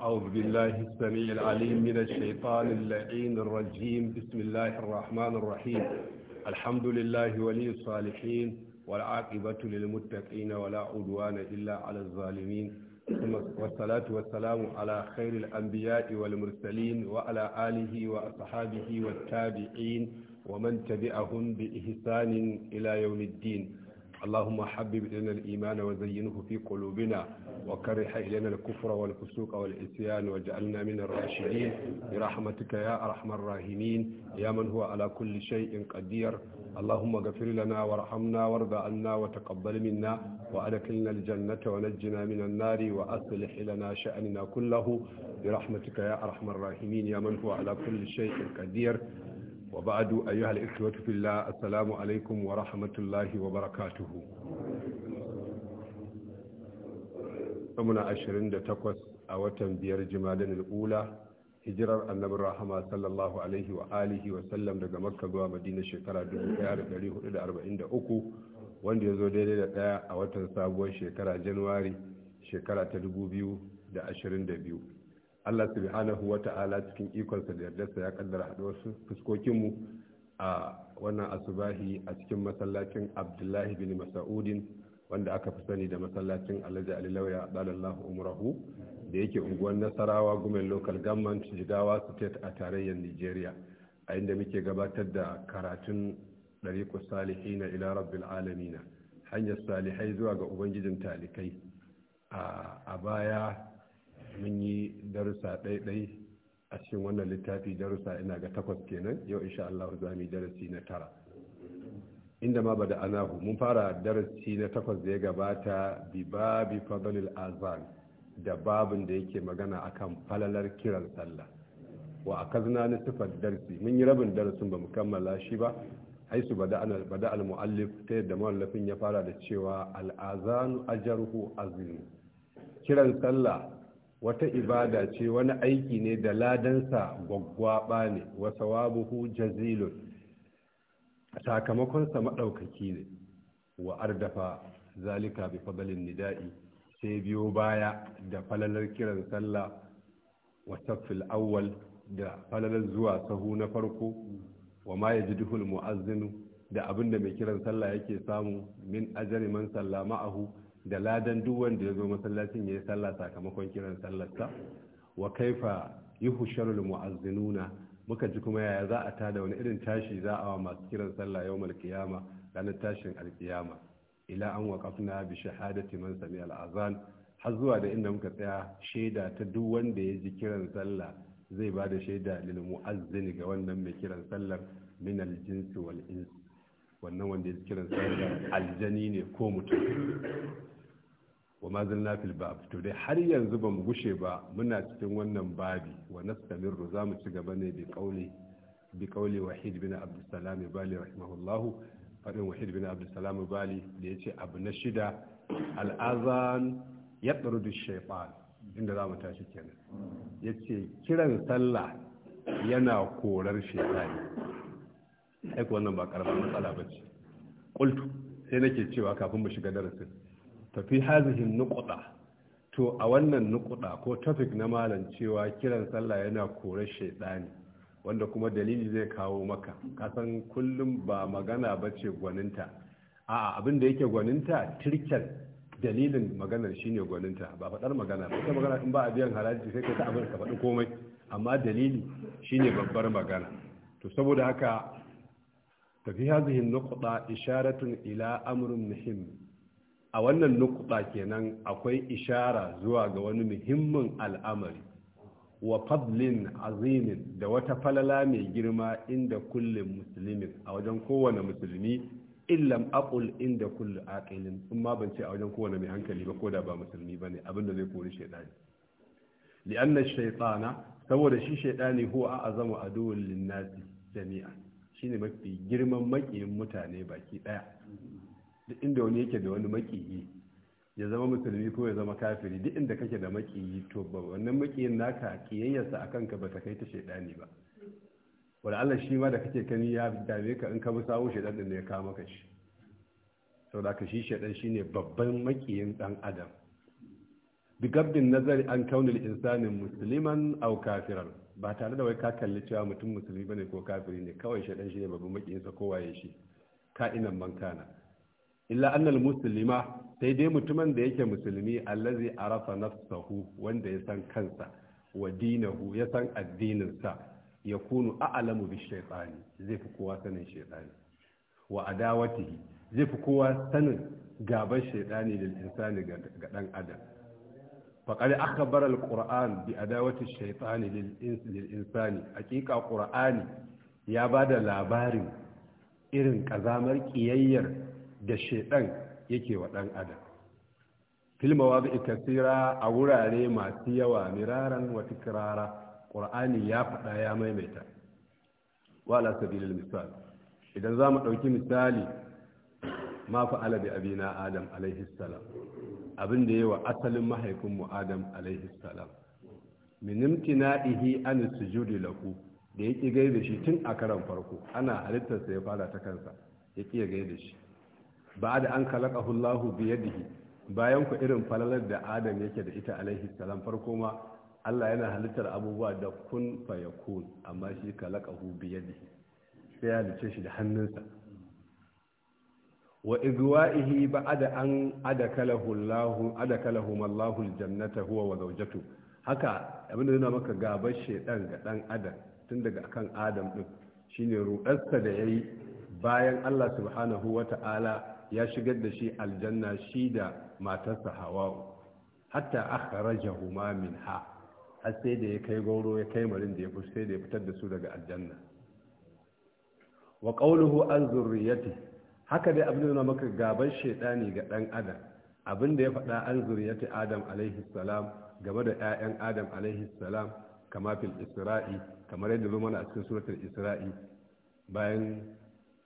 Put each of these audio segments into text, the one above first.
أعوذ بالله السميع العليم من الشيطان اللعين الرجيم بسم الله الرحمن الرحيم الحمد لله ولي الصالحين والعاقبة للمتقين ولا عدوان إلا على الظالمين والصلاة والسلام على خير الأنبياء والمرسلين وعلى آله وأصحابه والتابعين ومن تبعهم بإحسان إلى يوم الدين اللهم حبب إلينا الإيمان وزينه في قلوبنا وكره إلينا الكفر والفسوق والعصيان واجعلنا من الراشدين برحمتك يا أرحم الراحمين يا من هو على كل شيء قدير اللهم اغفر لنا وارحمنا وارض عنا وتقبل منا وأدخلنا الجنة ونجنا من النار وأصلح لنا شأننا كله برحمتك يا أرحم الراحمين يا من هو على كل شيء قدير وبعد أيها الإخوة في الله السلام عليكم ورحمة الله وبركاته muna 28 a watan biyar da al'ula hijirar Annabi rahama sallallahu alaihi wa alihi wa sallam daga makka zuwa madina shekara 1443 wanda ya zo daidai da ɗaya a watan sabuwar shekara januwari shekara ta 2022 Allah subhanahu wa ta'ala cikin ikonsa da yardarsa ya kaddara haɗuwar fuskokinmu a wannan asubahi a cikin masallacin Abdullahi bin Mas'udin wanda aka fi sani da masallacin Alhaji Ali Lauya dalallahu umrahu da yake unguwar Nasarawa gumen local government Jigawa state a tarayyar Nigeria a inda muke gabatar da karatun salihi Salihina ila Rabbil alamina hanyar salihai zuwa ga Ubangijin talikai a baya mun yi darussa ɗaiɗai a cikin wannan littafi darussa ina ga takwas kenan yau insha Allah za mu yi darasi na tara inda ma bada anahu mun fara darasi na takwas da ya gabata bi babi fadlil azan da babin da yake magana akan falalar kiran sallah wa akazna ni sifar darasi? mun yi rabin darasin ba mu kammala shi ba haisu bada al-mu'allif ta yadda mawallafin ya fara da cewa al'azanu ajruhu azim kiran sallah wata ibada ce wani aiki ne da ladansa gwaggwaba ne wa sawabuhu jazilun sakamakonsa maɗaukaki ne wa ardafa zalika bi fadalin nida'i sai biyo baya da falalar kiran sallah wa saffil awwal da falalar zuwa sahu na farko wa ma yajiduhul mu'azzinu da abinda mai kiran sallah yake samu min ajari man sallama ahu da ladan duk wanda ya zo masallacin ya yi sallah sakamakon kiran sallarsa wa kaifa yuhsharul mu'azzinuna muka ji kuma yaya za a tada wani irin tashi za a wa masu kiran sallah yawmal kiyama ranar tashin alkiyama ila an kafna bi shahadati man sami al'azan har zuwa da inda muka tsaya shaida ta duk wanda ya ji kiran sallah zai ba da shaida lil mu'azzin ga wannan mai kiran sallar min al jinsi wal ins wannan wanda ya ji kiran sallar aljani ne ko mutum wa ma zalna fil bab to dai har yanzu ba mu gushe ba muna cikin wannan babi wa nastamirru za mu ci gaba ne bi kauli bi kauli wahid bin abdussalam bali rahimahullahu fadin wahid bin abdussalam bali da yace abu na shida al'azan yatrudu shaytan inda za mu tashi kenan yace kiran sallah yana korar shaytani aiko wannan ba karamar matsala bace qultu sai nake cewa kafin mu shiga darasin tafi hazihin nukuda to a wannan nukuda ko tafik na malam cewa kiran sallah yana kore shaidani wanda kuma dalili zai kawo maka kasan kullum ba magana ba ce gwaninta a abin da yake gwaninta tirken dalilin maganar shine gwaninta ba faɗar magana ba ta magana in ba a biyan haraji sai ka ta abin ka faɗi komai amma dalili shine babbar magana to saboda haka tafi hazihin nukuda isharatun ila amrun muhimmi a wannan nukuɗa kenan akwai ishara zuwa ga wani muhimmin al'amari wa fadlin azimin da wata falala mai girma inda kullum musulmin a wajen kowane musulmi illam aqul inda kullu aqilin sun ma ban ce a wajen kowane mai hankali ba koda ba musulmi bane abin da zai kori shaydani li'annan shaytana saboda shi shaydani huwa a'zamu aduwwul linnasi jami'an shine mafi girman makiyin mutane baki ɗaya. duk inda wani yake da wani makiyi ya zama musulmi ko ya zama kafiri duk inda kake da makiyi to ba wannan makiyin naka kiyayyarsa a kanka ba ta kai ta shaidani ba Wani Allah shi ma da kake kani ya dame ka in ka bi sawo shaidan din da ya kawo maka shi da ka shi shaidan shi ne babban makiyin dan adam bigabdin nazari an kaunil insanin musulman au kafiran ba tare da wai ka kalli cewa mutum musulmi bane ko kafiri ne kawai shaidan shi ne babban makiyinsa kowaye ya shi ka'inan man kana illa annal muslima sai dai mutumin da yake musulmi allazi arafa nafsahu wanda ya san kansa wa dinahu ya san addininsa ya kunu a'lamu bi shaytani zai fi kowa sanin shaytani wa adawatihi zai fi kowa sanin gaban shaytani lil insani ga dan adam faqad akhbara al qur'an bi adawati shaytani lil insani haqiqa qur'ani ya bada labarin irin kazamar kiyayyar da shaidan yake wa ɗan adam filmawa bi kasira a wurare masu yawa miraran wa kirara ƙur'ani ya fada ya maimaita wala sabilil misal idan zamu mu ɗauki misali ma fa ala bi abina adam alaihi salam abin da yawa asalin mahaifinmu adam alaihi salam min imtina'ihi an sujudi lahu da yake gaida shi tun a karan farko ana halittarsa ya fara ta kansa yake gaida shi ba da an kalakahu Allahu bi yadihi bayan ku irin falalar da Adam yake da ita alaihi salam farko ma Allah yana halittar abubuwa da kun yakun amma shi kalakahu bi yadihi sai ya halice shi da hannunsa wa igwa'ihi ba'ada an adakalahu Allahu adakalahu Allahu aljannata huwa wa zawjatu haka abin da yana maka gabar shedan ga dan adam tun daga kan adam din shine rudarsa da yayi bayan Allah subhanahu wata'ala ya shigar da shi aljanna shi da matarsa hawa'u hatta akhrajahuma minha har sai da ya kai gauro ya kai marin da ya fi sai da ya fitar da su daga aljanna wa qawluhu an zurriyati haka dai abin da maka gaban shedani ga ɗan adam abin da ya faɗa an zurriyati adam alaihi salam game da 'ya'yan adam alaihi salam kama fil isra'i kamar yadda zuma na cikin suratul isra'i bayan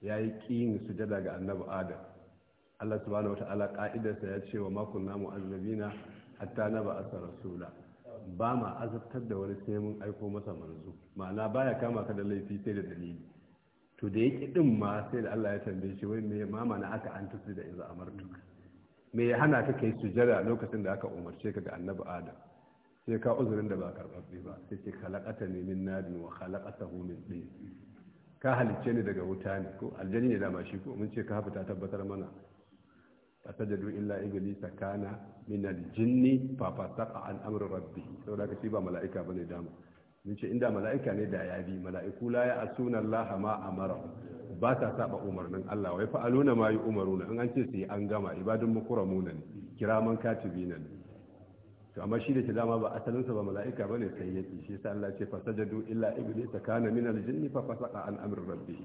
yayi kin sujada ga annabi adam Allah subhanahu wata'ala ka'idarsa ya ce wa makon namu azabina hatta na ba'asa rasula ba ma azabtar da wani sai mun aiko masa manzo ma'ana baya kama ka da laifi sai da dalili to da yake din ma sai da Allah ya tambaye shi wai me ma mana aka an tusu da a amartuka me ya hana ka kai sujada lokacin da aka umarce ka ga annabi adam sai ka uzurin da ba karbabbe ba sai ce khalaqata ni min nadin wa khalaqatahu min tin ka halicce ni daga wuta ne ko aljanni ne da ma shi ko mun ce ka fita tabbatar mana fasajadu illa iblisa kana min aljinni fa fasaqa an amri rabbi saboda ka shi ba mala'ika bane dama mun ce inda mala'ika ne da ya bi mala'iku la ya asuna Allah ma amara ba ta saba umarnin Allah wai fa aluna ma yi umaruna in an ce sai an gama ibadun mukramuna ne kiraman katibi ne to amma shi da ke dama ba asalinsa ba mala'ika bane sai yake shi yasa Allah ce fasajadu illa iblisa kana min aljinni fa fasaqa an amri rabbi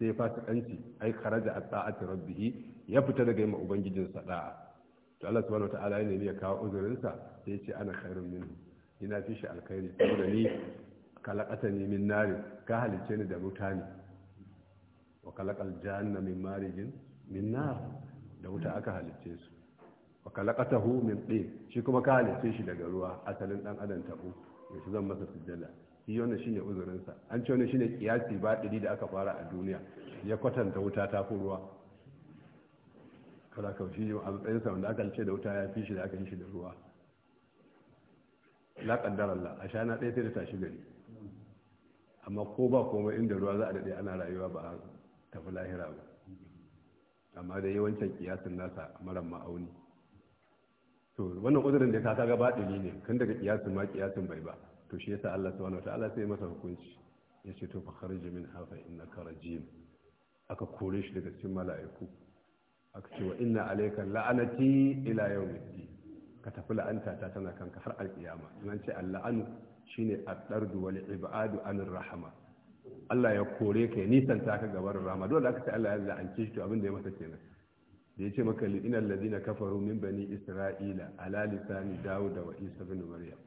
sai fasikanci ai kharaja at ta'ati rabbihi ya fita daga yin ubangijin sada to Allah subhanahu wataala ya nemi ya kawo uzurinsa sai ya ce ana khairun min ina fi shi alkhairi saboda ni kalakata ni min nari ka halicce ni da wuta ne. wa kalakal janna min marijin min nar da wuta aka halicce su wa kalakatahu min tin shi kuma ka halicce shi daga ruwa asalin dan adam tabu yace zan masa sujjada shi wannan shine uzurinsa an ce wannan shine kiyasi baɗiri da aka fara a duniya ya kwatanta wuta ta ruwa kada ka shi a matsayin sa wanda aka ce da wuta ya fi shi da aka yi shi da ruwa la kaddar Allah a shana ɗaya sai da tashi gari amma ko ba komai inda ruwa za a daɗe ana rayuwa ba a tafi lahira ba amma da yawancin kiyasin nasa mara ma'auni to wannan uzurin da kaka gaba baɗini ne kan daga kiyasin ma kiyasin bai ba to shi yasa Allah subhanahu wataala sai masa hukunci ya ce to fa kharij min hafa innaka rajim aka kore shi daga cikin mala'iku aka ce wa inna alaika la'anati ila yawmiddin ka tafi la'anta ta tana kanka har alkiyama nan ce alla'anu shine a ɗardu wal ibadu anir rahama Allah ya kore ka ya nisanta ka gabar rahama dole aka ce Allah ya la'ance shi to abin da ya masa kenan da ya ce maka li'inal ladina kafaru min bani isra'ila ala lisani dawud wa isa bin maryam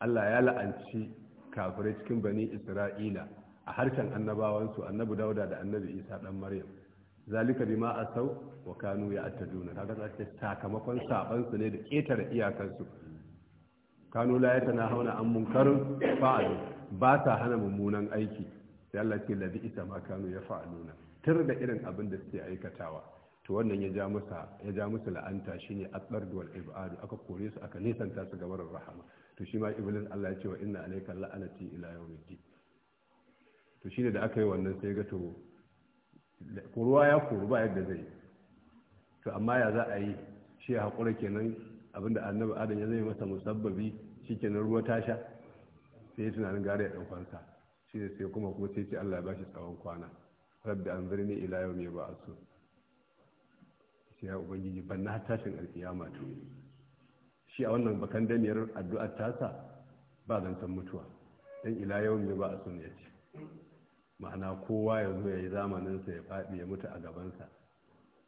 Allah ya la'anci kafirai cikin bani isra'ila a harshen annabawansu annabi dauda da annabi isa dan maryam zalika bima asau wa kanu ya attaduna kaga za sakamakon saban su ne da ketare iyakansu su kanu la tana hauna an munkarin fa'alu ba ta hana mummunan aiki sai Allah ce labi isa ma kanu ya fa'aluna tur da irin abin da suke aikatawa to wannan ya ja musa ya ja musu la'anta shine atsard wal ibadu aka kore su aka nisanta su gaban rahama to shi ma iblis Allah ya ce wa inna alayka la'anati ila yawmiddin to shine da aka yi wannan sai ga to Kuruwa ya kuru ba yadda zai to amma ya za a yi shi ya haƙura kenan abinda annabi adam ya zai masa musabbabi shi kenan ruwa ta sha sai ya tunanin gare ya ɗaukansa shi ne sai kuma kuma sai ce allah ya bashi tsawon kwana rabbi an birni ila yau ba a so sai ya ubangiji ban na tashin alkiyama to shi a wannan bakan damiyar addu'ar tasa ba zan san mutuwa dan ila yau ba a so ne ya ce ma'ana kowa ya zo ya yi zamaninsa ya faɗi ya mutu a gabansa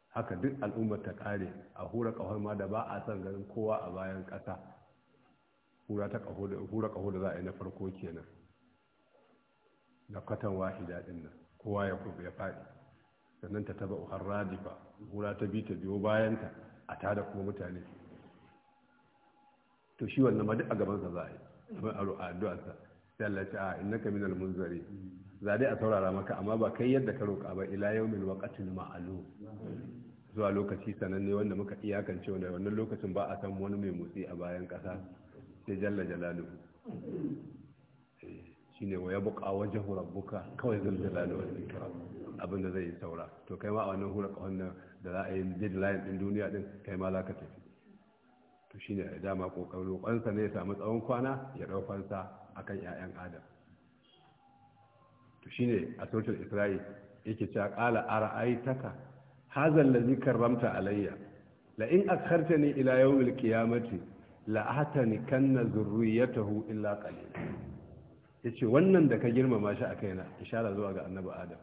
haka duk al'ummar ta ƙare a hura ƙahon ma da ba a son ganin kowa a bayan ƙasa hura ƙaho da za a yi na farko kenan da kwatan wahi daɗin nan kowa ya kuma ya faɗi sannan ta taba uhar radifa hura ta bi ta biyo bayanta a tada kuma mutane to shi wannan ma duk a gabansa za a yi a addu'arsa sai Allah ya a innaka minal munzari za dai a saurara maka amma ba kai yadda ka roƙa ba ila yau min waƙatin ma'alu zuwa lokaci sananne wanda muka iyakance wanda wannan lokacin ba a san wani mai motsi a bayan ƙasa sai jalla jalalu eh, shi ne waya buƙa wajen rabbuka kawai zan jalalu wani ikram abin da zai yi saura to kai ma a wannan hura wannan da za a yi deadline ɗin duniya ɗin kai ma za ka tafi to shi ne dama ƙoƙarin roƙonsa ne ya samu tsawon kwana ya ɗaukansa akan 'ya'yan adam to shine a sautar isra'i yake cewa qala ara'aitaka hadha allazi karramta alayya la in akhartani ila yawmil qiyamati la kanna zurriyatahu illa qalila yace wannan da ka girmama shi a kaina ishara zuwa ga annabi adam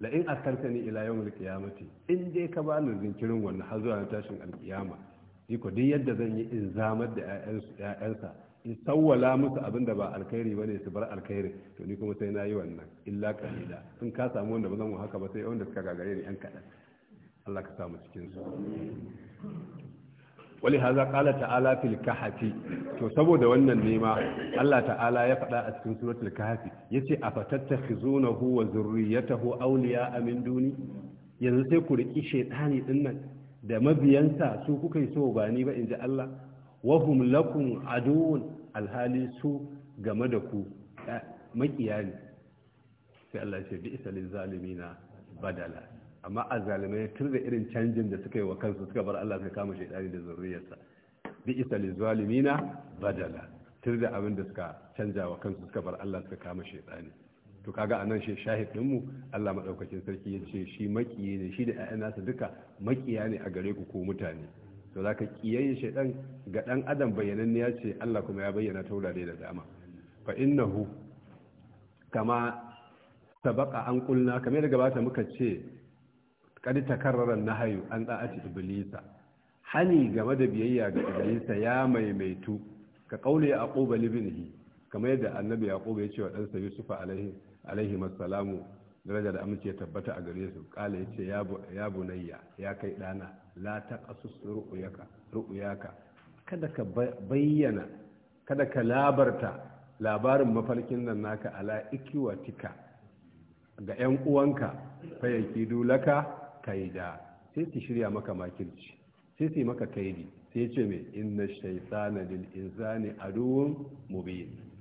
la in akhartani ila yawmil qiyamati in dai ka bani zinkirin wannan har zuwa tashin alqiyama iko duk yadda zan yi in zamar da 'ya'yansa in sawwala musu abinda ba alkhairi ba ne su bar alkhairi to ni kuma sai na yi wannan illa kalila in ka samu wanda ba zan mu haka ba sai wanda suka gagare ni yan kaɗan Allah ka samu cikin su wali haza qala ta'ala fil kahfi to saboda wannan nema Allah ta'ala ya faɗa a cikin suratul kahfi yace afatattakhizunahu wa zurriyatahu awliya min duni yanzu sai ku riki shaytani dinnan da mabiyansa su kuka yi so ba ni ba inji Allah wahum lakum aduun alhali su game da ku eh, makiya ne sai Allah ce bi isa lil zalimina badala amma azzalimai tun da irin canjin da suka yi wa kansu suka bar Allah suka kama shaytani da zurriyarsa bi isa lil zalimina badala tun da abin da suka canja wa kansu suka bar Allah suka kama shaytani to kaga anan shi shahidin mu Allah madaukakin sarki ya ce shi makiye ne shi da ayyana su duka makiya ne a gare ku ko mutane to za ka shi shaidan ga dan adam bayanan bayyananne ya ce Allah kuma ya bayyana ta wurare da dama fa innahu kama sabaka an kulna kamar da gabata muka ce kadi takarraran nahayu an ati iblisa hani game da biyayya ga iblisa ya maimaitu ka kaule ya aquba binhi kamar yadda annabi yaqub ya ce wa dan sa yusuf alaihi alaihi assalamu daraja da amince ya tabbata a gare su kala ya ce ya bunayya ya kai dana la ta kasus ru'uyaka kada ka bayyana kada ka labarta labarin mafarkin nan naka ala ikiwatika ga 'yan uwanka fayyaki dulaka kaida sai su shirya maka makirci sai su maka kaidi sai ce mai inna shaitana lil insani aduwwun mubin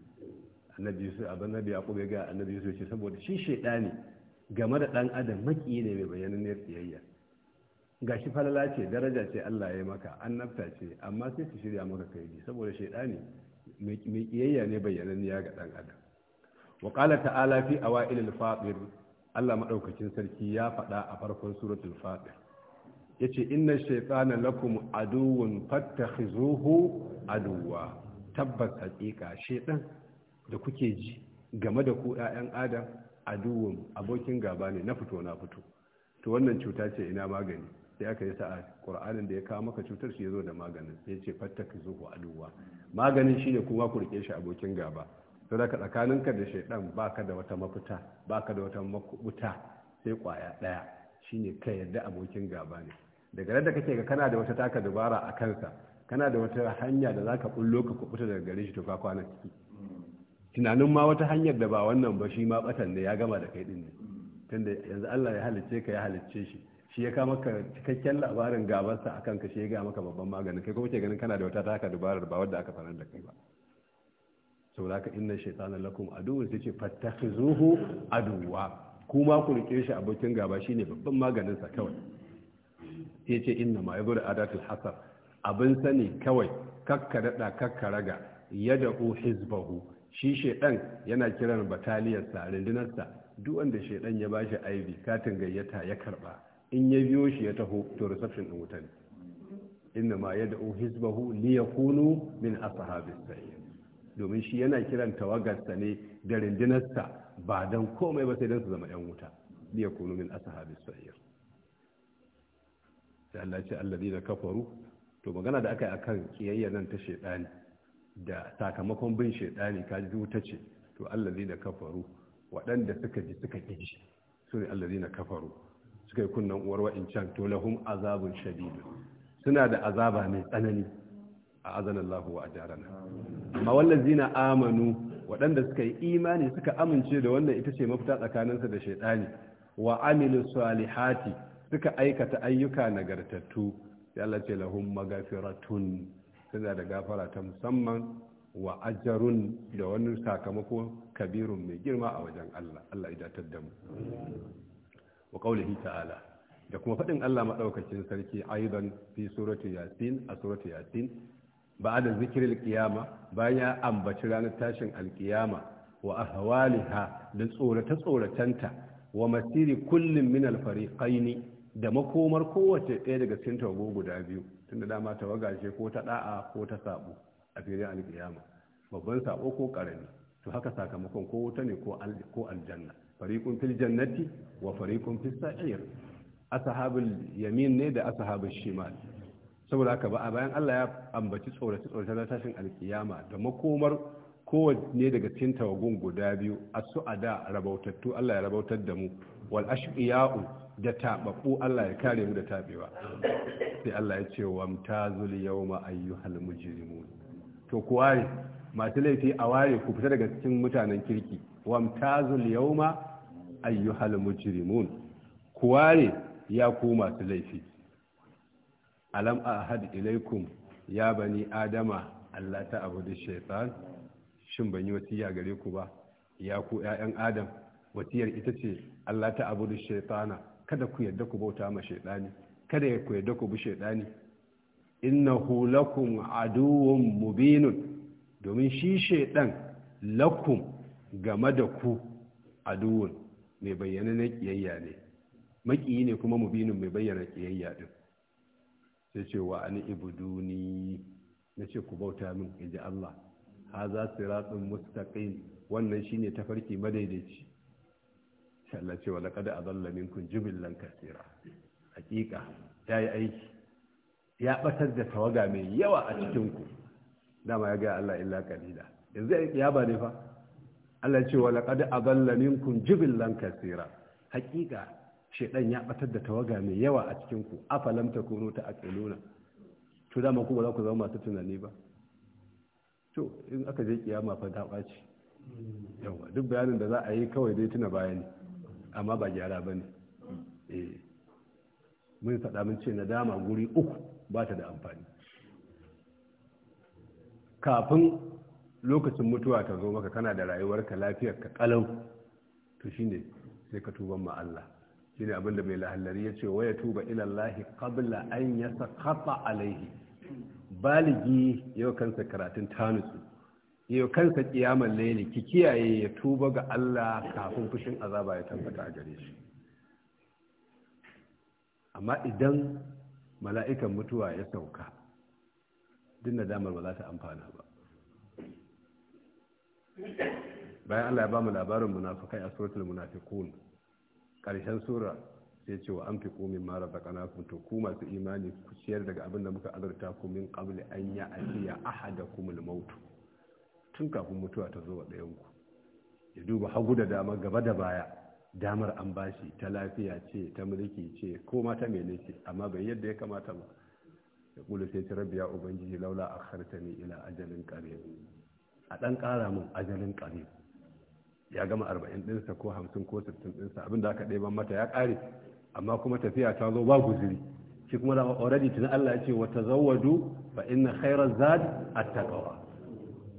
annabi yusuf abin nabi ya ya ga annabi yusuf ce saboda shi ne game da ɗan adam maki ne mai tsiyayya ga gashi falala ce daraja ce Allah ya maka annabta ce amma sai su shirya maka bi saboda ne mai kiyayya ne niyya ga ɗan adam wa qala ta'ala fi awail al-fatir Allah madaukakin sarki ya faɗa a farkon suratul fatir yace inna shaytana lakum aduwwun fattakhizuhu aduwwa tabbas haqiqa shaytan da kuke ji game da ku 'ya'yan adam duwun abokin gaba ne na fito na fito to wannan cuta ce ina magani sai aka yi sa'a qur'anin da ya kawo maka cutar shi ya zo da maganin sai ce fattaka zuhu aduwa maganin shi ne kuma ku rike shi abokin gaba to da tsakaninka da shaidan ba ka da wata mafita ka da wata makubuta sai kwaya Shi ne ka yadda abokin gaba ne daga da kake ga kana da wata taka dabara a kansa kana da wata hanya da za ka ɓullo ka kubuta daga gare shi to ka kwana ciki tunanin ma wata hanyar da ba wannan ba shi ma batan ne ya gama da kai din ne tunda yanzu Allah ya halicce ka ya halicce shi shi ya kama ka cikakken labarin gabansa a kanka shi ya ga maka babban maganin kai kuma ke ganin kana da wata taka dubarar ba wadda aka sanar da kai ba saboda haka inna shaytana lakum aduwwun sai ce fattakhizuhu aduwwa kuma ku rike shi abokin gaba shine babban maganin sa kawai sai ce inna ma yabur adatul hasar abin sani kawai kakka kakkaraga kakka raga hizbahu shi shaidan yana kiran bataliyarsa rundunarsa duk wanda shaidan ya bashi aibi katin gayyata ya karba in ya biyo shi ya taho to reception din wutan ne inna ma yad'u hizbahu yakunu min ashabis sayyid domin shi yana kiran tawagarsa ne da rundunarsa ba dan komai ba sai dan su zama yan wuta yakunu min ashabis sayyid sai Allah ya ce alladina kafaru to magana da aka yi akan kiyayya nan ta shaidani da sakamakon bin shaidani ka ji wuta ce to allazi na kafaru waɗanda suka ji suka ƙi su ne allazi na kafaru suka yi kunnan uwar wa'incan to lahum azabun shadidu suna da azaba mai tsanani a azanallahu wa ajarana amma wallazi na amanu waɗanda suka yi imani suka amince da wannan ita ce mafita tsakaninsa da shaidani wa amilu salihati suka aikata ayyuka nagartattu sai Allah ce lahum magafiratun suna da gafara ta musamman wa ajarun da wani sakamako kabirun mai girma a wajen Allah Allah ya datar da mu wa qaulihi ta'ala da kuma faɗin Allah madaukakin sarki aidan fi suratu yasin a suratu yasin ba'da zikril qiyama bayan ya ambaci ranar tashin alqiyama wa ahwaliha da tsorata tsoratanta wa masiri kullum min alfariqaini da makomar kowace ɗaya daga cikin tawago guda biyu tunda dama tawaga ce ko ta da'a ko ta sabo a filin alkiyama babban sabo ko karami to haka sakamakon ko wuta ne ko aljanna fariqun fil jannati wa fariqun fis sa'ir ashabul yamin ne da ashabul shimal saboda haka ba bayan Allah ya ambaci tsorace tsorata na tashin alkiyama da makomar kowanne daga cikin tawagun guda biyu asu'ada da rabautattu Allah ya rabautar da mu wal ashqiya'u da taɓaɓɓu Allah ya kare mu da taɓewa sai Allah ya ce wa mtazul yawma ayyuhal mujrimun to ku ware masu laifi a ware ku fita daga cikin mutanen kirki wa mtazul yawma ayyuhal mujrimun ku ware ya ku masu laifi alam ahad ilaikum ya bani adama Allah ta abu da shaitan shin ban yi wasiya gare ku ba ya ku 'ya'yan adam wasiyar ita ce Allah ta abu da shaitana kada ku yarda ku bauta ma shaidani kada ku yarda ku bi shaidani innahu lakum aduwwun mubinun domin shi shaidan lakum game da ku aduwwun mai bayyana na kiyayya ne makiyi ne kuma mubinun mai bayyana kiyayya din sai ce wa an ibuduni na ce ku bauta min inji Allah haza siratun mustaqim wannan shine tafarki madaidaici sai Allah cewa laqad adalla minkum jibillan kaseera hakika yi aiki ya batar da tawaga mai yawa a cikin ku dama ya ga Allah illa qalila yanzu ya ba ne fa Allah ce cewa laqad adalla minkum jibillan kaseera hakika shedan ya batar da tawaga mai yawa a cikin ku afalam takunu ta'qiluna to dama ku ba za ku zama masu tunani ba to in aka je kiyama fa da ɓaci yawa duk bayanin da za a yi kawai dai tuna bayani amma ba gyara ba ne eh. mun faɗa mun ce na dama guri uku ba ta da amfani kafin lokacin mutuwa ta zo maka kana da rayuwarka lafiyar ka kalau to shine sai ka tuban ma Allah shine abin da mai lahallari ya ce waya tuba ila Allah qabla an yasaqata alaihi baligi yau kansa karatun tanusu. yau kansa kiyaman laili ki kiyaye ya tuba ga Allah kafin fushin azaba ya tabbata a gare shi amma idan mala'ikan mutuwa ya sauka din da damar ba za ta amfana ba bayan Allah ya ba mu labarin munafikai a suratul munafiqun ƙarshen sura sai cewa an fi komin mara zakana to ku masu imani ku ciyar daga abin da muka azurta ku min qabli an ya asiya ahadakumul mautu tun kafin mutuwa ta zo wa ɗayanku ya duba hagu da dama gaba da baya damar an bashi ta lafiya ce ta mulki ce ko ma ta mene ce amma bai yadda ya kamata ba ya kula sai ta rabiya ubangiji laula a ne ila ajalin qarib a ɗan ƙara min ajalin qarib ya gama arba'in ɗinsa ko hamsin ko sittin ɗinsa abin da aka ban mata ya ƙare amma kuma tafiya ta zo ba guziri shi kuma da already tuni Allah ya ce wata tazawwadu ba inna khayra zad at-taqwa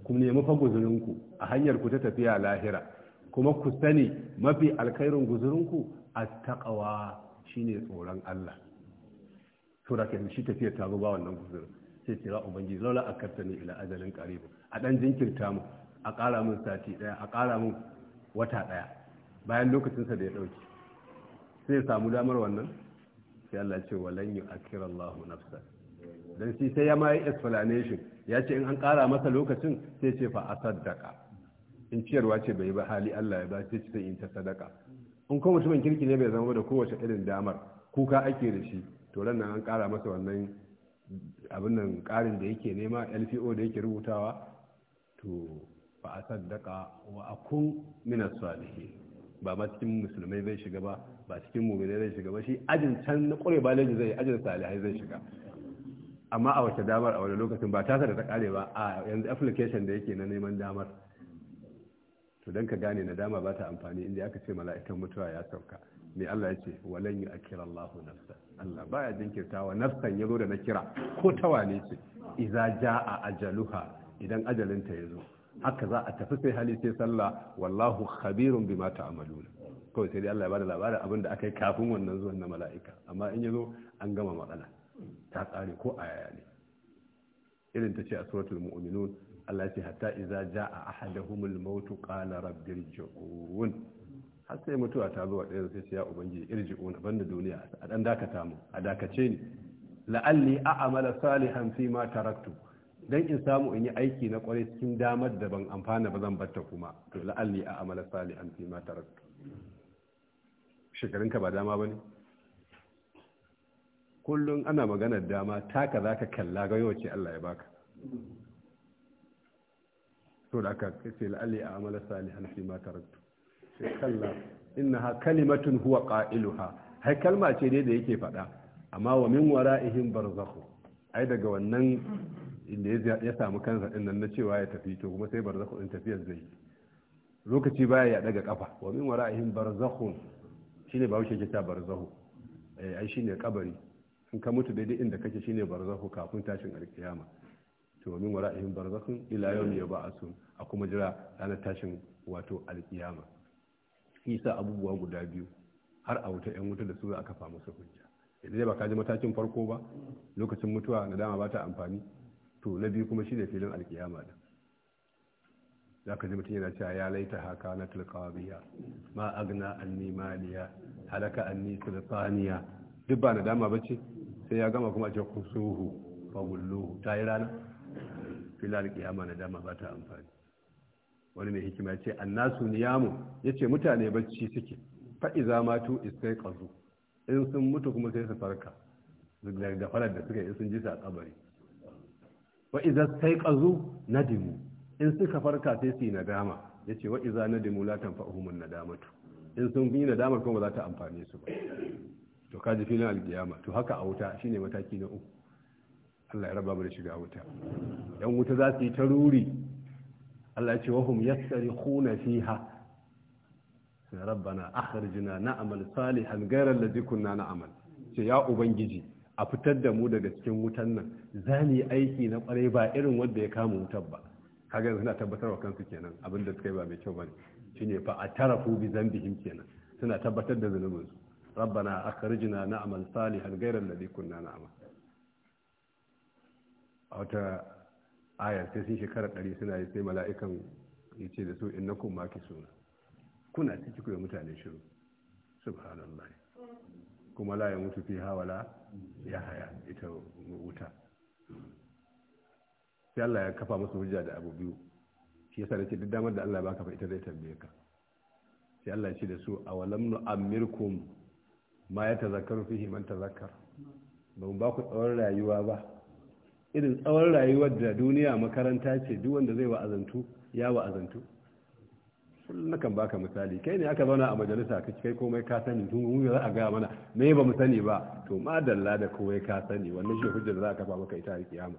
ku nemi fa guzurinku a hanyar ku ta tafiya lahira kuma ku sani mafi alkhairin guzurinku attaqwa shine tsoron Allah to da shi tafiya ta zo ba wannan guzurin sai kira ubangiji lola akartani ila ajalin qarib a dan jinkirta mu a ƙara min sati daya a ƙara min wata daya bayan lokacinsa da ya dauke sai ya samu damar wannan sai Allah ce walan yu akirallahu nafsa dan sai sai ya ma yi explanation ya ce in an ƙara masa lokacin sai ce fa a sadaka in ciyarwa ce bai ba hali Allah ya ba sai ce in ta sadaka in kuma mutumin kirki ne bai zama da kowace irin damar kuka ake da shi to ran nan an ƙara masa wannan abin nan ƙarin da yake nema LCO da yake rubutawa to fa a sadaka wa akun min salihin ba ma cikin musulmai zai shiga ba ba cikin mu'minai zai shiga ba shi ajin can na ƙure balaji zai ajin salihai zai shiga amma a wace damar a wani lokacin ba tasa da ta kare ba a yanzu application da yake na neman damar to don ka gane nadama ba ta amfani inda aka ce mala'ikan mutuwa ya sauka me Allah ya ce walan yi akira Allahu nafsa Allah baya wa nafsan ya zo da na kira ko ta wane ce iza ja'a ajaluha idan ajalinta ya zo haka za a tafi sai hali sai sallah wallahu khabirun bima ta'maluna kawai sai dai Allah ya bada labarin abinda da aka yi kafin wannan zuwan na mala'ika amma in ya zo an gama matsala ta ƙare ko a yaya ne irin ta ce a suratul mu'minun Allah ce hatta idza ja'a ahaduhumul maut qala rabbi irji'un har sai mutuwa ta zo wa ɗaya sai ya ubangiji irji'un banda duniya a dan dakata mu a dakace ni la'alli a'mala salihan fi ma taraktu dan in samu in yi aiki na kwarai cikin damar da ban amfana ba zan batta kuma to la'alli a'mala salihan fi ma taraktu shekarunka ba dama bane kullum ana maganar dama taka za ka kalla ga yau ce Allah ya baka So da aka ce la'alli a amala salihan fi ma taraktu sai kalla ha kalimatun huwa qailuha hai kalma ce dai da yake faɗa amma wa min wara'ihim barzakhu ai daga wannan inda ya samu kansa din nan na cewa ya tafi to kuma sai barzakhu din tafiyar zai lokaci baya ya daga kafa wa min wara'ihim barzakhun shine ba wuce ke ta barzahu eh, ai shine kabari in ka mutu daidai inda kake shine barzahu kafin tashin alkiyama to min wara'ihim barzakhun ila yawmi yub'asun a kuma jira ranar tashin wato alkiyama isa abubuwa guda biyu har a wuta yan wuta da su aka fa musu hujja idan ba ka ji matakin farko ba lokacin mutuwa na dama ba ta amfani to na biyu kuma shine filin alkiyama da za ka ji mutum yana cewa ya laita haka na tulkawabiya ma agna anni maliya halaka anni sultaniya duk ba na ba ce sai ya gama kuma ce kusuhu fagulluhu ta yi rana filar kiyama na dama ba ta amfani wani mai hikima ya ce nasu niyamu ya ce mutane bacci suke fa'iza matu iskai ƙazu in sun mutu kuma sai su farka da farar da suka yi sun ji su a kabari wa'iza sai ƙazu nadimu in suka farka sai su yi nadama ya ce wa'iza nadimu la tanfa'uhumun nadamatu in sun yi nadamar kuma za ta amfane su ba to ka ji filin alkiyama to haka a wuta shine mataki na uku Allah ya raba mu da shiga wuta yan wuta za su yi taruri ruri Allah ya ce wahum yasrikhuna fiha rabbana akhrijna na'mal salihan ghayra alladhi kunna na'mal ce ya ubangiji a fitar da mu daga cikin wutan nan za mu yi aiki na kwarai ba irin wanda ya kama wutar ba kaga yanzu tabbatar wa kansu kenan abinda da suka yi ba mai kyau bane shine fa atarafu bi zambihim kenan suna tabbatar da zunubinsu rabbana akhrijna na'mal salihan ghayra alladhi kunna na'mal a wata aya sai sun shekara ɗari suna yi sai mala'ikan ya ce da su innakum makisuna kuna ciki ku mutane shiru subhanallah kuma la ya mutu fi hawala ya haya ita wuta sai Allah ya kafa musu hujja da abu biyu shi yasa nace duk damar da Allah ya baka fa ita zai tambaye ka sai Allah ya ce da su awalam nu amirkum ma ya tazakaru fihi man tazakar ba mu ba ku tsawon rayuwa ba irin tsawon rayuwar da duniya makaranta ce duk wanda zai wa'azantu ya wa'azantu na kan baka misali kai ne aka zauna a majalisa ka kai komai ka sani tun mun za a gaya mana me ba mu sani ba to madalla da komai ka sani wannan shi hujjar za a kafa maka ita a kiyama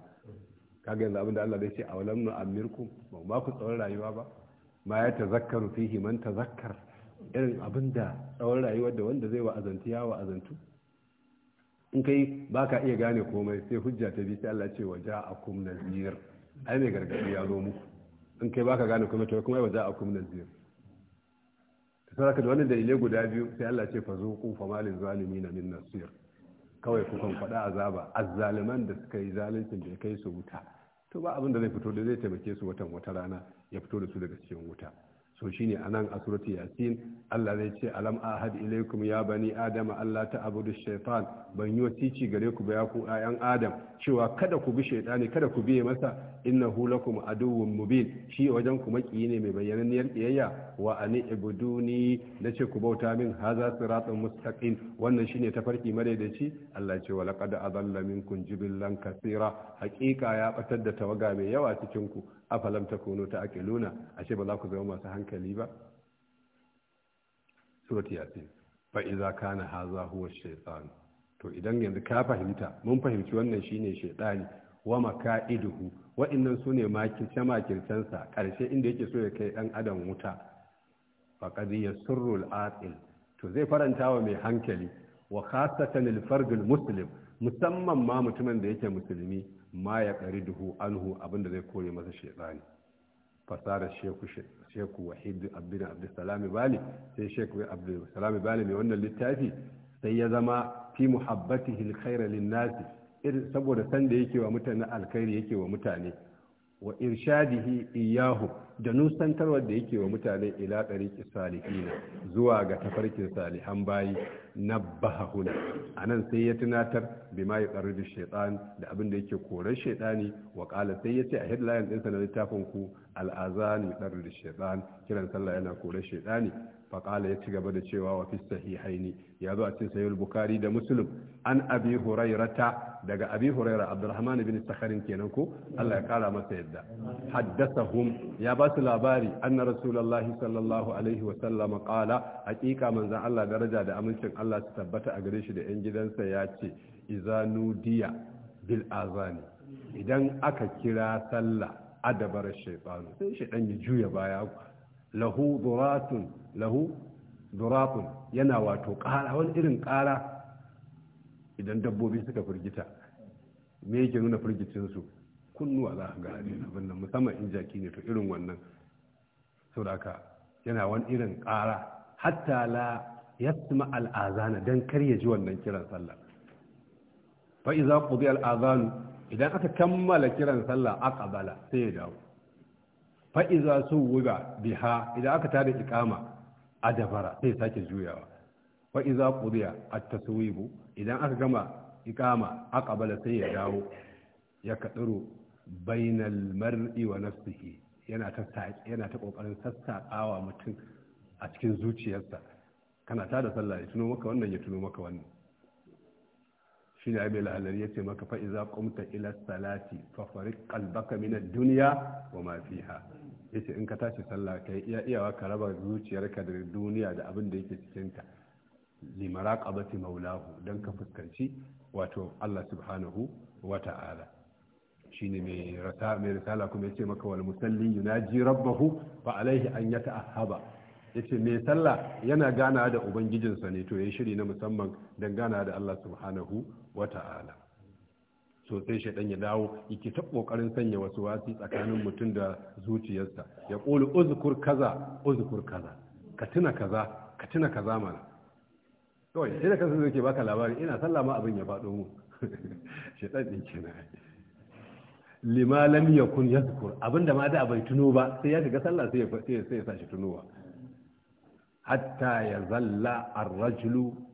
kaga yanzu abinda Allah zai ce a walam amirku ba ku tsawon rayuwa ba ma ya tazakkaru fihi man tazakkar irin abin da tsawon rayuwar da wanda zai wa'azantu ya wa'azantu in kai ba ka iya gane komai sai hujja ta bi Allah ce wa ja'akum nazir ai mai gargaɗi ya zo muku in kai ba ka gane komai to kuma wa ja'akum nazir ta ka da wannan dalilai guda biyu sai Allah ce fazuqu famalin zalimin min nasir kawai kukan faɗa azaba azzaliman da suka yi zaluncin da ya kai su wuta to ba abin da zai fito da zai taimake su watan wata rana ya fito da su daga cikin wuta so shine anan a surati yasin Allah zai ce alam ahad ilaikum ya bani adama Allah ta abudu shaitan ban yi wasici gare ku ba ya ku ayan adam cewa kada ku bi shaitani kada ku biye masa innahu lakum aduwwun mubin shi wajen ku maki ne mai bayyananniyar kiyayya wa ani ibuduni nace ku bauta min haza siratun mustaqim wannan shine tafarki shi. Allah ce wa laqad adalla minkum jibillan kaseera haqiqa ya ɓatar da tawaga mai yawa cikin ku afalam luna a ce ba za ku zama masu hankali ba surat yasin fa idza kana hadha huwa shaytan to idan yanzu ka fahimta mun fahimci wannan shine shaytani wa maka'iduhu wa'annan sune makirce makircensa karshe inda yake so ya kai dan adam wuta faqad yasurru al-aqil to zai faranta wa mai hankali wa khasatan lil fardil muslim musamman ma mutumin da yake musulmi ma ya kari duhu anhu abinda zai koyi masa shaytani Fasara sheku sheku wahid abdin abdussalam bali sai sheku abdussalam bali mai wannan littafi sai ya zama fi muhabbatihi alkhair lin nasi saboda san da yake wa mutane alkhairi yake wa mutane wa irshadihi iyahu da nusantarwar da yake wa mutane ila ɗariki salihina zuwa ga tafarkin salihan bayi na bahahuna a nan sai ya tunatar bima ya tsarri da da abin da yake korar shaitani wa ƙala sai ya ce a headline ɗinsa na littafin ku al'azani ya tsarri da shaitan kiran sallah yana korar ne. faƙala ya ci gaba da cewa wa fi ya zo a cikin sahihul bukari da muslim an abi hurairata daga abi huraira abdurrahman ibn sakharin kenan ko Allah ya kara masa yadda haddathahum ya ba su labari anna rasulullahi sallallahu alaihi wa sallam qala haqiqa manzon Allah daraja da amincin Allah su tabbata a gare shi da yan gidansa ya ce izanu diya bil azani idan aka kira sallah adabar shaytanu sai shaytan ya juya baya lahu duratun lahu duratun yana wato ƙara wani irin ƙara idan dabbobi suka firgita me yake nuna firgicinsu kunnuwa za ka ga abin nan musamman in jaki ne to irin wannan saboda yana wani irin ƙara hatta la yasma al'azana dan kar ya ji wannan kiran sallah fa iza qudi azan idan aka kammala kiran sallah aqbala sai ya dawo fa'iza su wuga biha idan aka tada ikama a dafara sai sake juyawa fa'iza ƙuriya a taswibu idan aka gama ikama aka bala sai ya dawo ya kaɗaro bainal mar'i wa nafsihi yana ta ƙoƙarin sassaƙawa mutum a cikin zuciyarsa kana ta sallah ya tuno maka wannan ya tuno maka wannan shi ne abin lahalari ya ce maka fa'iza ƙumta ila salati fafari ƙalbaka minar duniya wa ma yace in ka tashi sallah ka iya iyawa ka raba zuciyarka da duniya da abin da yake cikin ta limaraqabati maulahu dan ka fuskanci wato Allah subhanahu wa ta'ala shine mai rasa mai risala kuma ya ce maka wal musalli yunaji rabbahu fa alaihi an yata'ahaba yace mai sallah yana gana da ubangijinsa ne to ya shiri na musamman dan gana da Allah subhanahu wa ta'ala Sosai sai shaidan ya dawo yake ta kokarin sanya wasu wasi tsakanin mutum da zuciyarsa ya ƙoli uzkur kaza uzkur kaza ka tuna kaza ka tuna kaza mana kawai sai da kansa zai baka labari ina sallah ma abin ya faɗo mu shaidan din kenan lima lam yakun yadhkur abinda ma da bai tuno ba sai ya shiga sallah sai ya sai ya sa shi tunowa hatta ya zalla ar-rajulu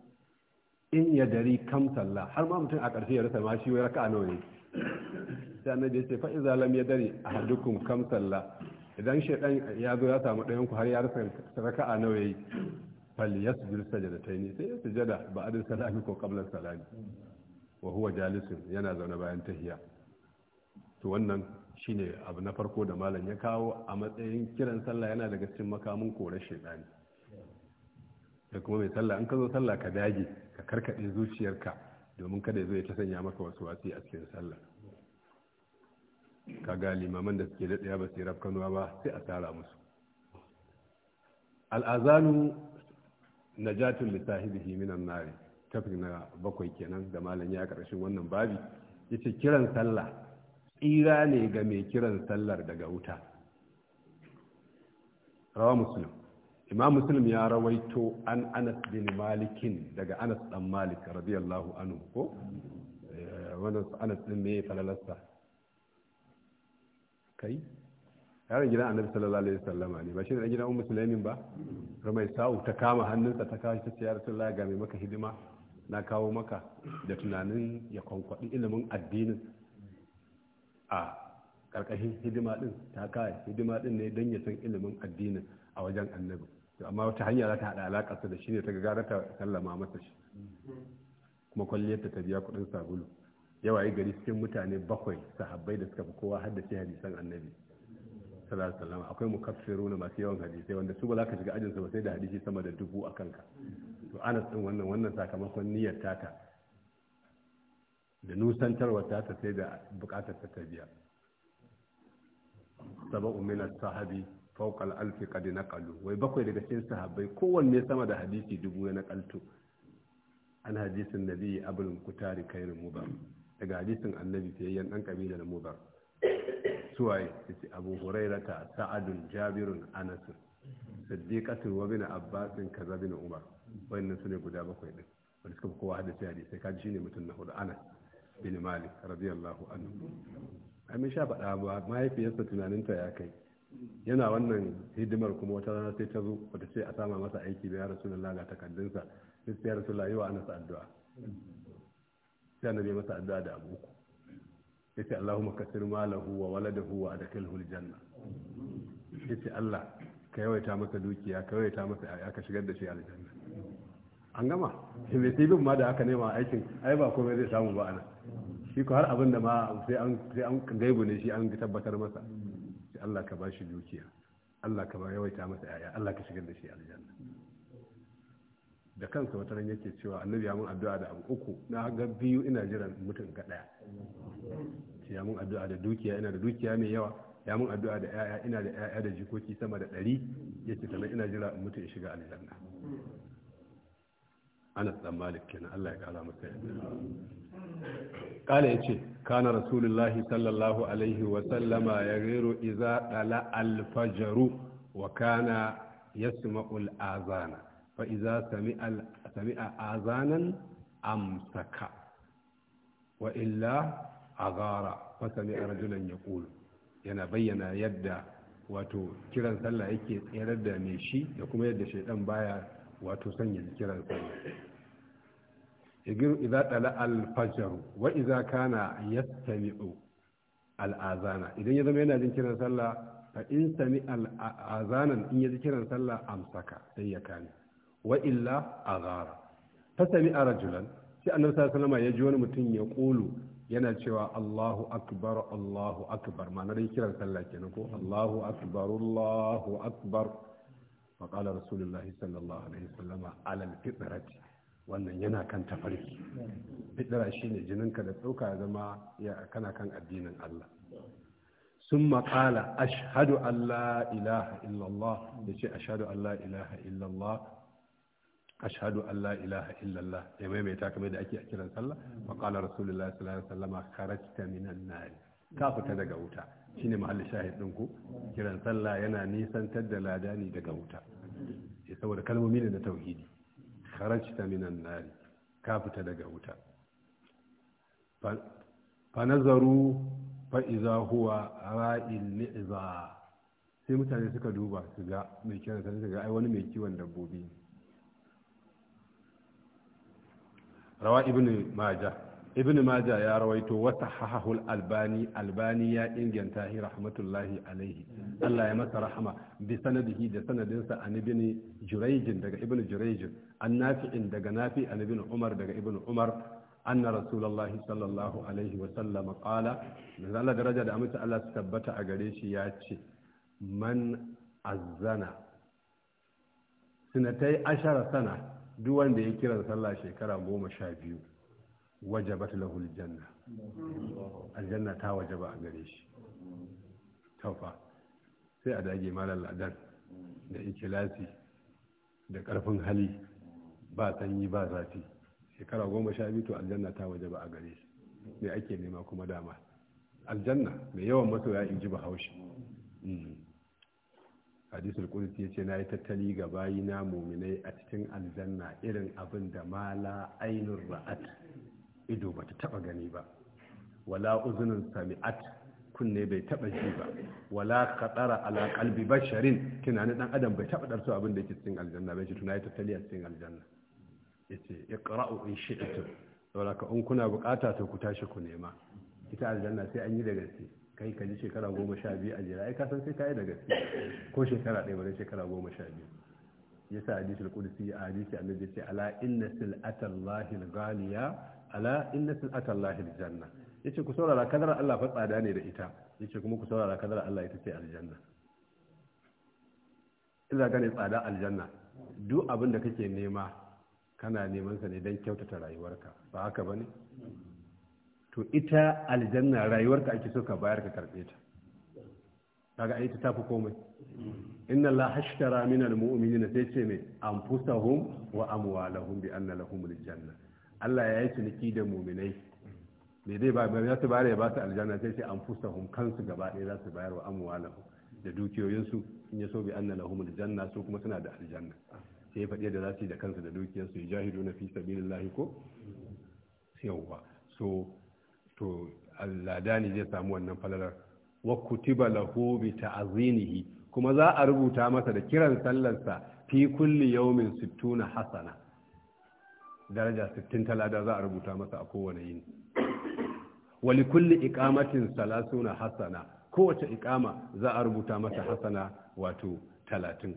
in ya dari kam sallah har ma mutum a ƙarshe ya rasa ma shi wai raka'a nawa ne sai annabi ya ce fa iza lam yadari ahadukum kam sallah idan shaydan ya zo ya samu ɗayan ku har ya rasa raka'a nawa yayi fal yasjud sajdatayn sai ya sujada ba'da salami ko qabla salami wa huwa jalisun yana zaune bayan tahiya to wannan shine abu na farko da malam ya kawo a matsayin kiran sallah yana daga cikin makamin korar shaydani da kuma mai sallah in ka zo sallah ka dage ka karkaɗe zuciyarka domin kada zai ta sanya maka wasu wasi a cikin sallah Ka ga limaman da suke daɗaya ba su yi rafkanuwa ba sai a tara musu al'azanu najatun da himinan nari tafi na bakwai kenan da malam ya ƙarshen wannan babi yace kiran sallah tsira ne ga mai kiran sallar daga wuta rawa musulun imam muslim ya rawaito an anas bin malikin daga anas dan malik radiyallahu anhu ko eh, wannan anas din me falalarsa kai yaron gidan annabi sallallahu alaihi wasallama ne ba shi da gidan ummu sulaimin ba mai sa'u ta kama hannunsa ta kawo shi ta ce ya rasulullahi ga mai maka hidima na kawo maka da tunanin ya kwankwaɗi ilimin addinin a ƙarƙashin hidima ɗin ta kai hidima ɗin ne don ya san ilimin addinin a wajen annabi amma wata hanya za ta haɗa alaƙarsa da shi ne ta gara ta sallama masa shi kuma kwalliyarta ta biya kuɗin sabulu yawa yi gari cikin mutane bakwai sahabbai da suka fi kowa haddace hadisan annabi sallallahu alaihi akwai mukaffiru na masu yawan hadisai wanda su ba ka shiga ajinsa ba sai da hadisi sama da dubu a kanka to anas ɗin wannan wannan sakamakon niyyar tata da nusantarwa tata sai da bukatar ta biya sabon min sahabi fawqal alfi na naqalu wai bakwai daga cikin sahabbai kowanne sama da hadisi dubu ya naqalto an hadisin nabi abul kutari kairin mubar daga hadisin annabi fiyayyen dan kabilar mubar suwaye yace abu hurairata sa'adun jabirun anas siddiqatu wa bin abbasin kaza bin umar wayannan sune guda bakwai din wanda suka kowa hadisi hadisi kaji shine mutum na hudu anas bin malik radiyallahu anhu ai mun sha faɗa ba mahaifiyarsa tunaninta ya kai yana wannan hidimar kuma wata rana sai ta zo wata ce a sama masa aiki da ya rasulullah ga takardunsa sai sai rasulullah yi wa anasa addu'a sai annabi ya masa addu'a da abu ya ce allahumma kasir malahu wa waladahu wa adkhilhu aljanna ya ce allah ka yawaita masa dukiya ka yawaita masa ya ka shigar da shi aljanna an gama shi mai sibin ma da aka nema aikin ai ba komai zai samu ba ana shi ko har abin da ma sai an gaibu ne shi an tabbatar masa Allah ka ba shi dukiya Allah ka ba yawaita masa yaya Allah ka shigar da shi aljanna da kansa wata ran yake cewa annabi ya mun addu'a da abu uku na ga biyu ina jiran mutum ga daya ya mun addu'a da dukiya ina da dukiya mai yawa ya mun addu'a da yaya ina da yaya da jikoki sama da ɗari yace sannan ina jira mutum ya shiga aljanna anas dan malik kenan Allah ya kara masa yadda kala yace kana rasulullahi sallallahu alaihi wa sallama yaghiru idza dala al-fajr wa kana yasma'u al-azana fa idza sami'a sami'a azanan amsaka wa illa agara fa sami'a rajulan yaqulu yana bayyana yadda wato kiran sallah yake tsayar da mai shi da kuma yadda shaidan baya wato sanya zikirar sallah yagiru idza tala al-fajr wa idza kana yastami'u al-azana idan ya zama yana jin kiran sallah fa in sami al-azanan in ya ji kiran sallah amsaka sai ya kame wa illa aghara fa sami rajulan sai annabi sallallahu alaihi ya ji wani mutum ya kulu yana cewa Allahu akbar Allahu akbar ma'anar kiran sallah kenan ko Allahu akbar Allahu akbar faƙalar rasulullahi sallallahu alaihi sallama alal fitrati wannan yana kan tafarki fitra shine jininka da tsoka ya zama kana kan addinin Allah sun maƙala ashadu Allah ilaha illallah da ce ashadu Allah ilaha illallah ashadu Allah ilaha illallah ya maimaita kamar da ake a kiran sallah maƙala rasulullah sallallahu alaihi wasallama karajta minan nari ka fita daga wuta shine mahallin shahid ɗinku? kiran sallah yana nisantar da ladani daga wuta sai saboda kalmomi ne na tauhidi kharajta minan nari ka fita daga wuta fa nazaru fa iza huwa ra'il ni'za sai mutane suka duba su ga mai kiran sai ga ai wani mai kiwon dabbobi rawa ibnu majah ibn majah ya rawaito wa sahahahul albani albani ya inganta hi rahmatullahi alaihi Allah ya masa rahama bi sanadihi da sanadinsa an ibn jurayj daga ibn jurayj an nafi'in daga nafi an ibn umar daga ibn umar anna rasulullahi sallallahu alaihi wa sallam qala manzo Allah daraja da amince Allah su tabbata a gare shi ya ce man azzana sanatai ashara sana duk wanda ya kiran sallah shekara goma sha biyu wajabat lahu aljanna aljanna ta wajaba a gare shi taufa sai a dage malam ladan da ikilasi da karfin hali ba sanyi ba zafi shekara goma sha biyu to aljanna ta wajaba a gare shi me ake nema kuma dama aljanna mai yawan masoya in ji bahaushe mm. hadisul ya ce na yi tattali ga bayina muminai a cikin aljanna irin abin da mala ainur ra'at ido ba ta taba gani ba wala uzunin sami'at kunne bai taba ji ba wala khatara ala qalbi basharin tunanin dan adam bai taba darso abin da yake cikin aljanna bai ji tunai ta a cikin aljanna yace iqra'u in shi'tum wala ka in kuna bukata to ku tashi ku nema ita aljanna sai an yi da gaske kai ka ji shekara goma sha biyu a jira ai ka san sai ka yi da gaske ko shekara ɗaya bare shekara goma sha biyu yasa hadisul qudsi a hadisi annabi ce ala inna sil'atallahi al-ghaliya ala inna sin'atan lahir janna yace ku saurara kadar Allah fa tsada ne da ita yace kuma ku saurara kadar Allah ita ce aljanna ila gane tsada aljanna duk abin da kake nema kana neman sa ne dan kyautata rayuwarka ba haka bane to ita aljanna rayuwarka ake so ka bayar ka karbe ta kaga ai ta tafi komai inna la hashtara min almu'minina sai ce mai anfusahum wa amwalahum bi anna lahumul janna Allah ya yi ciniki da muminai da zai ba ya su bayar ya ba su aljanna sai sai an fusa hun kansu gaba ɗaya za su bayar wa amwalahu da dukiyoyinsu in ya so bi anna lahum aljanna su kuma suna da aljanna sai faɗi da za su yi da kansu da dukiyarsu ya jahidu na fi sabilillahi ko yawwa so to ne zai samu wannan falalar wa kutiba lahu bi ta'zinihi kuma za a rubuta masa da kiran sallarsa fi kulli yawmin sittuna hasana daraja 60 talada za a rubuta masa a kowane yini wali kulli ikamatin salasuna hasana kowace ikama za a rubuta masa hasana wato 30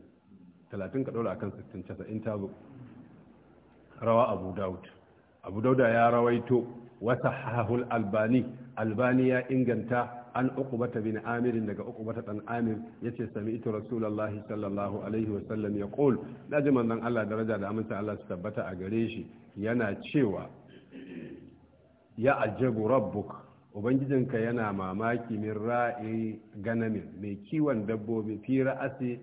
30 ka dora akan 60 casa 90 tabu rawa abu daud abu dauda ya rawaito wata hahul albani albani ya inganta an ukubata bin amir daga ukubata dan amir yace ita rasulullahi sallallahu alaihi wa sallam ya yaqul daji manzon Allah daraja da aminta Allah su tabbata a gare shi yana cewa ya ajabu rabbuk ubangijinka yana mamaki min ra'i ganamin mai kiwon dabbobi fi ra'asi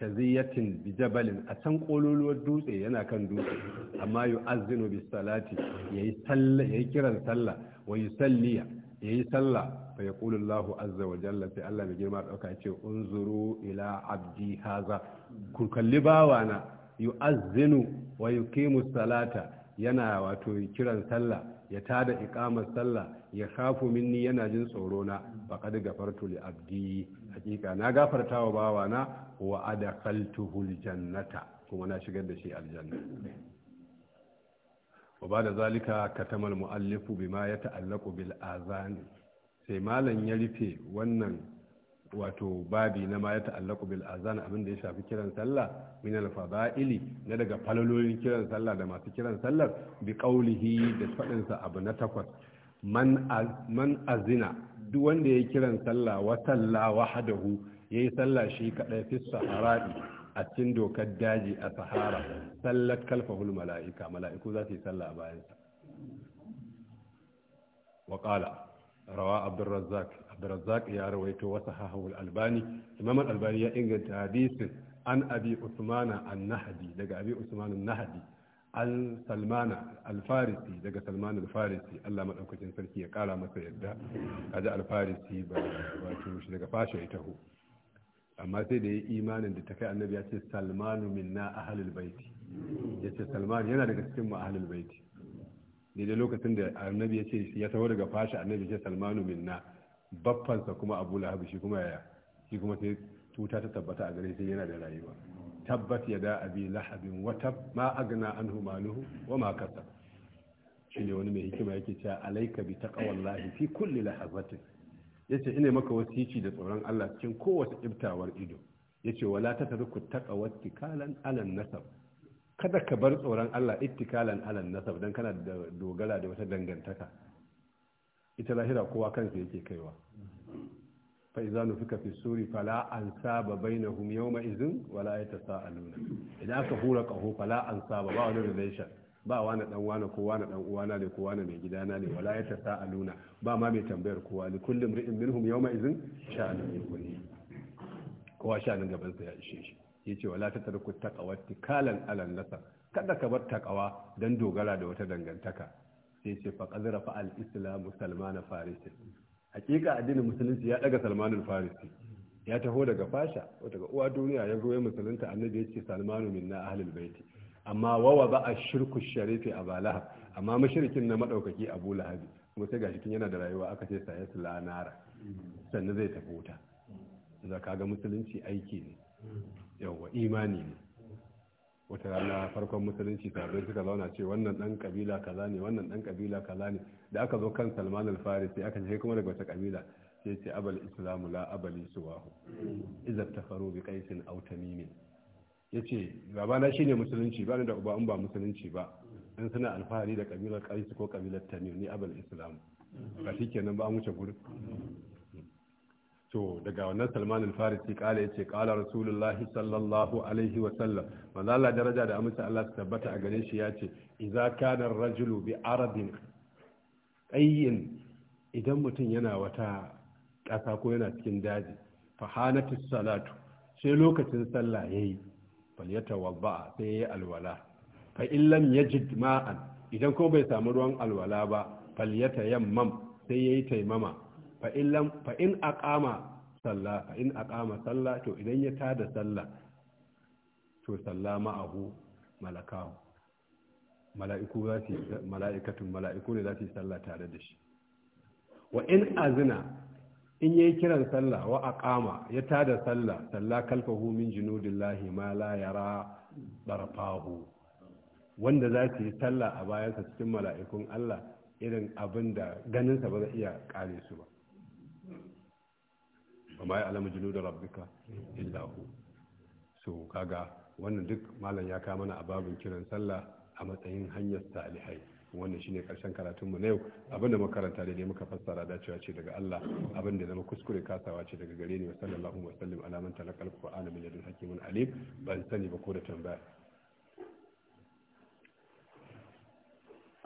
shaziyatin bijabalin a can kololuwar dutse yana kan dutse amma yu'azzinu bis salati yayi sallah yayi kiran sallah wa yusalliya ya yi sallah fa ya Allah azza wa jalla sai Allah mai girma ɗauka ce unzuru ila abdi haza ku kalli bawana yu'azzinu wa yuqimu salata yana wato kiran sallah ya tada iqamar sallah ya khafu minni yana jin tsoro na faqad gafartu li abdi hakika na gafartawa bawana wa adkhaltuhu aljannata kuma na shigar da shi aljanna wa ba da zalika katamal mu'allifu ya ta'allaku bil sai malam ya rufe wannan wato babi na ma ya ta'allaku bil azani abin da ya shafi kiran sallah min al fadaili na daga falalolin kiran sallah da masu kiran sallar bi qaulihi da faɗinsa sa abu na takwas man man azina duk wanda ya kiran sallah wa salla wahdahu yayi sallah shi kadai fi sahara'i a cikin dokar daji a sahara sallar kalfahul mala'ika mala'iku za su yi sallah a bayansa waƙala rawa abdurrazzaq abdurrazzaq ya rawaito wasu sahahu albani imam albani ya inganta hadisin an abi usmana an nahadi daga abi usman an-nahdi an salmana daga salman alfarisi Allah maɗaukacin sarki ya kara masa yadda kaji alfarisi farisi ba wato shi daga fashe ita amma sai da ya yi imanin da ta kai annabi ya ce salmanu minna ahlul baiti ya ce salman yana daga cikin mu ahlul baiti daidai lokacin da annabi ya ce ya taho daga fashi annabi ya ce salmanu minna baffansa kuma abu lahab shi kuma yaya shi kuma sai tuta ta tabbata a gare shi yana da rayuwa tabbat yada abi lahabin wata ma agna anhu maluhu wa ma kasab shine wani mai hikima yake cewa alayka bi taqwallahi fi kulli lahazatin ya ce ina maka wasici da tsoron Allah cikin kowace ibtawar ido ya ce wala ta tarku wasu ittikalan alan nasab kada ka bar tsoron Allah ittikalan alan nasab don kana da dogara da wata dangantaka ita lahira kowa kansa yake kaiwa fa idza nufika fi suri fala na bainahum yawma idhin wala yatasaaluna idan aka hura qaho fala saba ba wani relation ba wani dan wani ko wani dan uwana ne ko wani mai gidana ne wala yatasaaluna ba ma mai tambayar kowa ne kullum ri'in minhum yawma izin sha'anin yughni kowa sha'anin gaban sa ya ishe shi yace wala tatruku taqwa tikalan alan nasa kada ka bar takawa dan dogara da wata dangantaka sai ce fa qadra fa al salman farisi hakika addinin musulunci ya daga salmanul farisi ya taho daga fasha daga uwa duniya ya zo ya musulunta annabi ya ce salmanu minna ahlil baiti amma wawa ba a shirku sharifi a balaha amma mashirikin na madaukaki abu lahabi kuma sai gashi tun yana da rayuwa aka ce sayan su lanara sannan zai tafi wuta ka ga musulunci aiki ne yawwa imani ne wata rana farkon musulunci sabbin suka zauna ce wannan dan kabila kaza ne wannan dan kabila kaza ne da aka zo kan salman al sai aka ce kuma daga wata kabila sai ce abal islamu la abali suwahu ta tafaru bi qaisin aw tamimin yace babana shine musulunci ba da uba in ba musulunci ba in suna alfahari da kabilar qais ko kabilar tamim ni abul islam ba nan ba wuce gurin to daga wannan salman al kala kala yace kala rasulullah sallallahu alaihi wa sallam manzala daraja da amince Allah tabbata a gare shi ya idza kana ar-rajulu bi arabin ayyin idan mutum yana wata ƙasa ko yana cikin daji fa salatu sai lokacin sallah yayi falyatawadda sai yayi alwala fa illam yajid ma'an idan ko bai samu ruwan alwala ba falyata yammam sai yayi taimama fa illam fa in aqama sallah fa in aqama sallah to idan ya tada sallah to sallama ahu malakahu mala'iku za su mala'ikatun mala'iku ne za su yi sallah tare da shi wa in azina in yayi kiran sallah wa aqama ya tada sallah sallah kalfahu min junudillahi ma la yara darfahu wanda za su yi sallah a bayansa cikin mala'ikun Allah irin abin da ganinsa ba zai iya kare su ba amma ya alamu jinu da rabbika hu. so kaga wannan duk malam ya kama na ababin kiran sallah a matsayin hanyar salihai wannan shine karshen karatun mu na yau abinda muka karanta ne muka fassara dacewa ce daga Allah abinda zama kuskure kasawa ce daga gare ni sallallahu alaihi wa sallam ala man talaqa alqur'ana min ladun hakimin alim ban sani ba ko da tambaya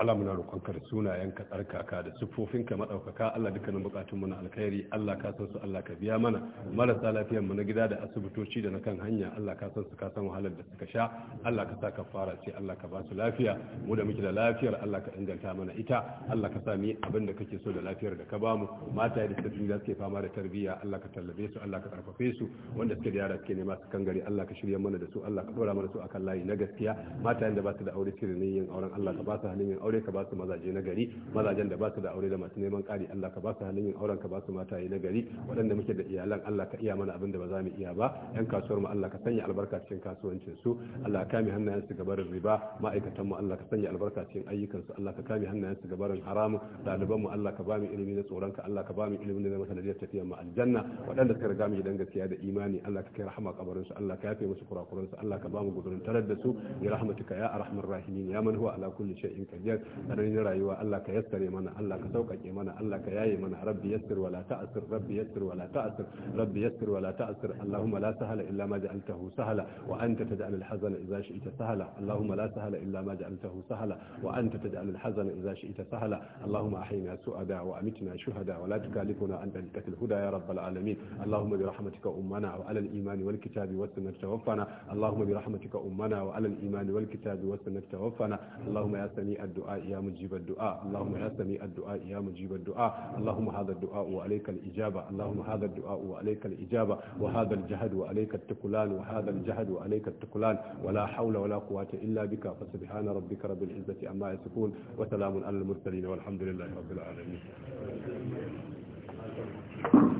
Allah muna ka da sunayen sunayenka tsarkaka da siffofinka maɗaukaka Allah dukkanin buƙatunmu na alkhairi Allah ka san su Allah ka biya mana marasa lafiyar mu na gida da asibitoci da na kan hanya Allah ka san su ka san wahalar da suka sha Allah ka sa ka fara ce Allah ka ba su lafiya mu da muke da lafiyar Allah ka inganta mana ita Allah ka sa mu abin da kake so da lafiyar da ka ba mu mata da suke da suke fama da tarbiyya Allah ka tallabe su Allah ka karfafe su wanda suke da yara suke nema su kan gari Allah ka shirya mana da su Allah ka dora mana su akan layi na gaskiya mata da ba su da aure suke da yin auren Allah ka ba su halin yin aure ka ba su mazaje na gari mazajen da ba su da aure da masu neman ƙari Allah ka ba su halin yin auren ka ba su mataye na gari waɗanda muke da iyalan Allah ka iya mana abin da ba za mu iya ba yan kasuwar mu Allah ka sanya albarka cikin kasuwancin su Allah ka kame hannayen su gabarin riba ma'aikatan mu Allah ka sanya albarka cikin ayyukan su Allah ka kame hannayen su gabarin haramu ɗaliban mu Allah ka ba mu ilimi na tsoron ka Allah ka ba mu ilimi na masanadiyar tafiyar mu aljanna waɗanda suka riga mu gidan gaskiya da imani Allah ka kai rahama kabarin su Allah ka yafe musu kurakuran su Allah ka ba mu gudurin tarar da su bi rahmatika ya arhamar rahimin ya man huwa ala kulli shay'in qadir ranar rayuwa Allah ka yassare mana Allah ka sauƙaƙe mana Allah ka yaye mana rabbi yassir wala ta'sir rabbi yassir wala ta'sir rabbi yassir wala ta'sir Allahumma la sahala illa ma ja'altahu sahala wa anta taj'al al-hazana idha shi'ta sahala Allahumma la sahala illa ma ja'altahu sahala wa anta taj'al al-hazana idha shi'ta sahala Allahumma ahyina su'ada wa amitna shuhada wa la tukallifna anta likatil huda ya rabbal alamin Allahumma bi rahmatika ummana wa ala al-iman wal kitabi was sunnah tawaffana Allahumma bi rahmatika ummana wa ala al-iman wal kitabi was sunnah tawaffana Allahumma ya sami'a ad الدعاء يا مجيب الدعاء اللهم يا سميع الدعاء يا مجيب الدعاء اللهم هذا الدعاء وعليك الإجابة اللهم هذا الدعاء وعليك الإجابة وهذا الجهد وعليك التكلان وهذا الجهد وعليك التكلان ولا حول ولا قوة إلا بك فسبحان ربك رب العزة عما يصفون وسلام على المرسلين والحمد لله رب العالمين